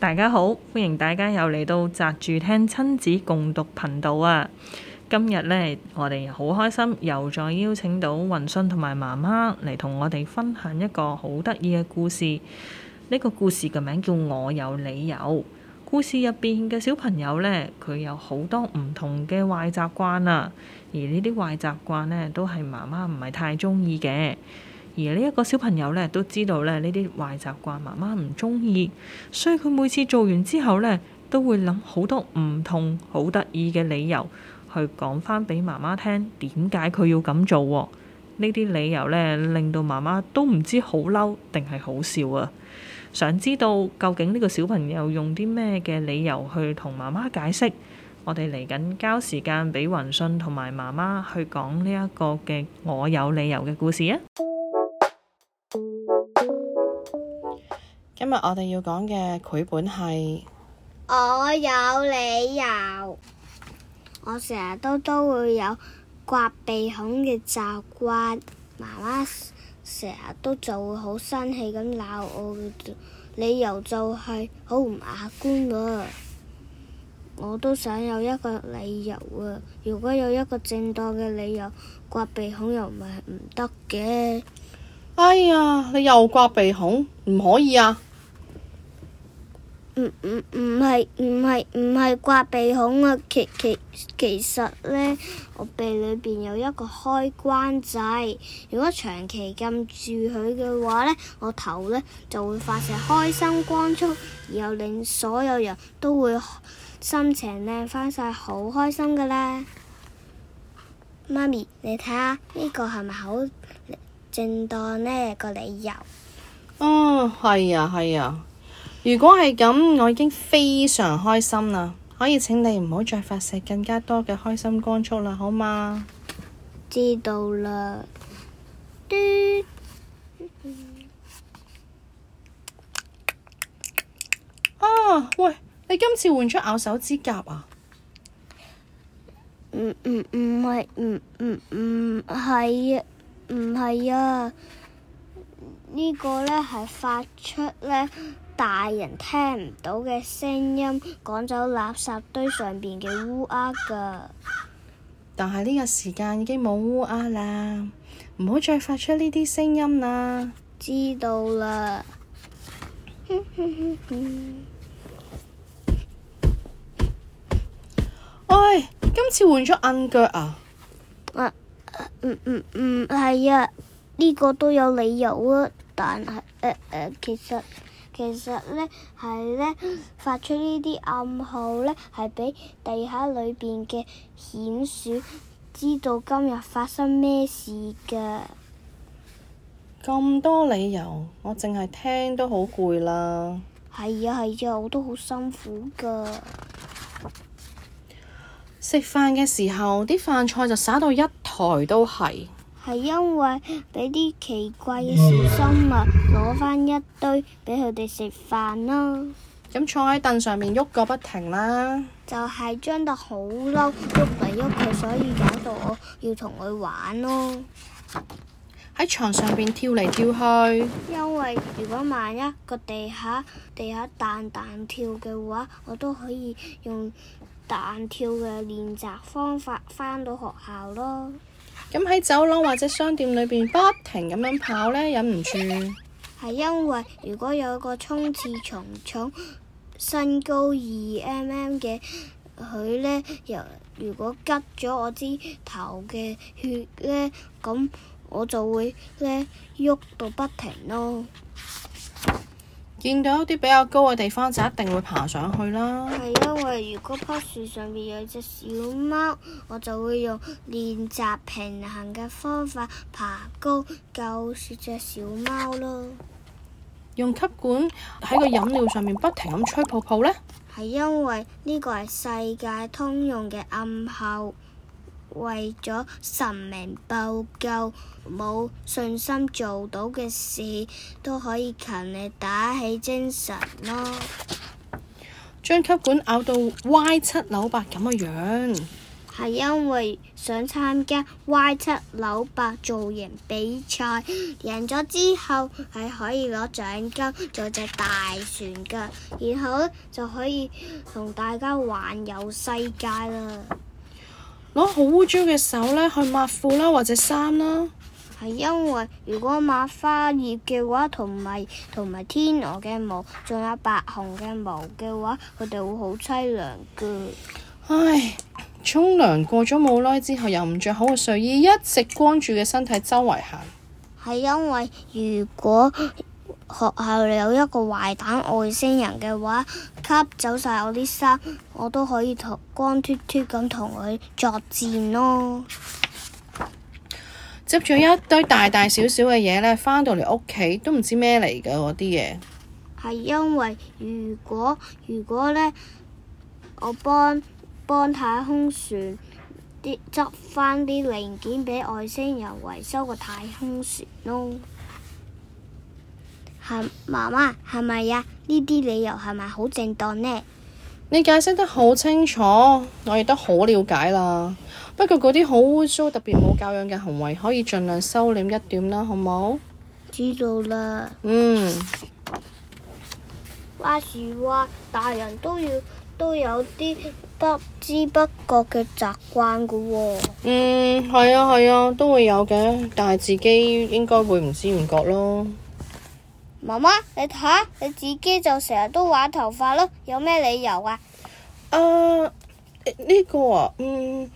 大家好，歡迎大家又嚟到宅住聽親子共讀頻道啊！今日呢，我哋好開心，又再邀請到弘信同埋媽媽嚟同我哋分享一個好得意嘅故事。呢個故事嘅名叫《我有理由》。故事入邊嘅小朋友呢，佢有好多唔同嘅壞習慣啊！而呢啲壞習慣呢，都係媽媽唔係太中意嘅。而呢一個小朋友咧，都知道咧，呢啲壞習慣媽媽唔中意，所以佢每次做完之後咧，都會諗好多唔同好得意嘅理由去講返俾媽媽聽，點解佢要咁做喎、哦？呢啲理由咧，令到媽媽都唔知好嬲定係好笑啊！想知道究竟呢個小朋友用啲咩嘅理由去同媽媽解釋？我哋嚟緊交時間俾弘信同埋媽媽去講呢一個嘅我有理由嘅故事啊！今日我哋要講嘅繪本係我有理由，我成日都都會有刮鼻孔嘅習慣。媽媽成日都就會好生氣咁鬧我，理由就係好唔雅觀啊！我都想有一個理由啊！如果有一個正當嘅理由刮鼻孔又不、不，又唔係唔得嘅。哎呀，你又刮鼻孔，唔可以啊！唔唔係唔係唔係刮鼻孔啊，其其其實呢，我鼻裏邊有一個開關仔。如果長期撳住佢嘅話呢，我頭呢就會發射開心光速，然後令所有人都會心情靚翻晒，好開心噶啦！媽咪，你睇下呢個係咪好正當呢、呢個理由？哦，嗯，係啊，係啊。如果係咁，我已經非常開心啦，可以請你唔好再發射更加多嘅開心光束啦，好嗎？知道啦。啊，喂，你今次換出咬手指甲啊？唔唔唔係唔唔唔係唔係啊。個，呢個咧，係發出咧大人聽唔到嘅聲音，趕走垃圾堆上邊嘅烏鴉噶。但係呢個時間已經冇烏鴉啦，唔好再發出呢啲聲音啦。知道啦。哎， 今次換咗硬腳啊？唔唔唔唔係啊。嗯嗯嗯呢個都有理由啊，但係誒誒，其實其實咧係咧發出呢啲暗號咧，係俾地下裏邊嘅鼴鼠知道今日發生咩事㗎。咁多理由，我淨係聽都好攰啦。係啊係啊，我都好辛苦㗎。食飯嘅時候，啲飯菜就灑到一枱都係。係因為俾啲奇怪嘅小生物攞翻一堆俾佢哋食飯咯。咁坐喺凳上面喐個不停啦。就係張得好嬲，喐嚟喐去，所以搞到我要同佢玩咯。喺床上邊跳嚟跳去。因為如果萬一個地下地下彈彈跳嘅話，我都可以用彈跳嘅練習方法返到學校咯。咁喺走廊或者商店裏邊不停咁樣跑呢，忍唔住。係 因為如果有一個衝刺蟲蟲，身高二 mm 嘅佢呢，又如果拮咗我支頭嘅血呢，咁我就會呢喐到不停咯。見到一啲比較高嘅地方就一定會爬上去啦。係因為如果棵樹上面有隻小貓，我就會用練習平衡嘅方法爬高救出隻小貓咯。用吸管喺個飲料上面不停咁吹泡泡呢，係因為呢個係世界通用嘅暗號。為咗神明報救，冇信心做到嘅事，都可以勤力打起精神咯。將吸管咬到歪七扭八咁嘅樣，係因為想參加歪七扭八造型比賽，贏咗之後係可以攞獎金做隻大船噶，然後就可以同大家環遊世界啦。攞好污糟嘅手呢去抹褲啦或者衫啦，係因為如果抹花葉嘅話，同埋同埋天鵝嘅毛，仲有白熊嘅毛嘅話，佢哋會好淒涼嘅。唉，沖涼過咗冇耐之後，又唔着好嘅睡衣，一直光住嘅身體周圍行。係因為如果學校裏有一個壞蛋外星人嘅話。吸走晒我啲衫，我都可以同光脱脱咁同佢作戰咯。執咗一堆大大小小嘅嘢呢，返到嚟屋企都唔知咩嚟㗎嗰啲嘢。係因為如果如果呢，我幫幫太空船啲執返啲零件俾外星人維修個太空船咯。係媽媽，係咪呀？呢啲、啊、理由係咪好正當呢？你解釋得好清楚，我亦都好了解啦。不過嗰啲好污糟、特別冇教養嘅行為，可以盡量收斂一點啦，好冇？知道啦。嗯。話時話，大人都要都有啲不知不覺嘅習慣㗎喎。嗯，係啊，係啊，都會有嘅，但係自己應該會唔知唔覺咯。媽媽，你睇下，你自己就成日都玩頭髮咯，有咩理由啊？啊，呢個啊，嗯，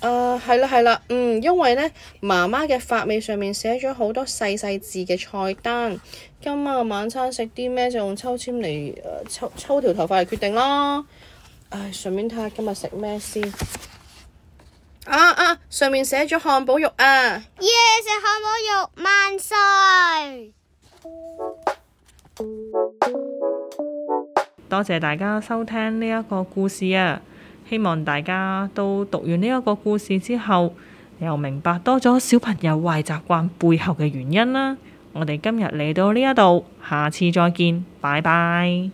啊，係啦係啦，嗯，因為呢，媽媽嘅髮尾上面寫咗好多細細字嘅菜單，今日晚、晚餐食啲咩就用、啊、抽籤嚟，抽抽條頭髮嚟決定啦。唉、哎，順便睇下今日食咩先。啊啊！上面寫咗漢堡肉啊！耶！食漢堡肉，萬歲！多謝大家收聽呢一個故事啊！希望大家都讀完呢一個故事之後，又明白多咗小朋友壞習慣背後嘅原因啦啊！我哋今日嚟到呢一度，下次再見，拜拜。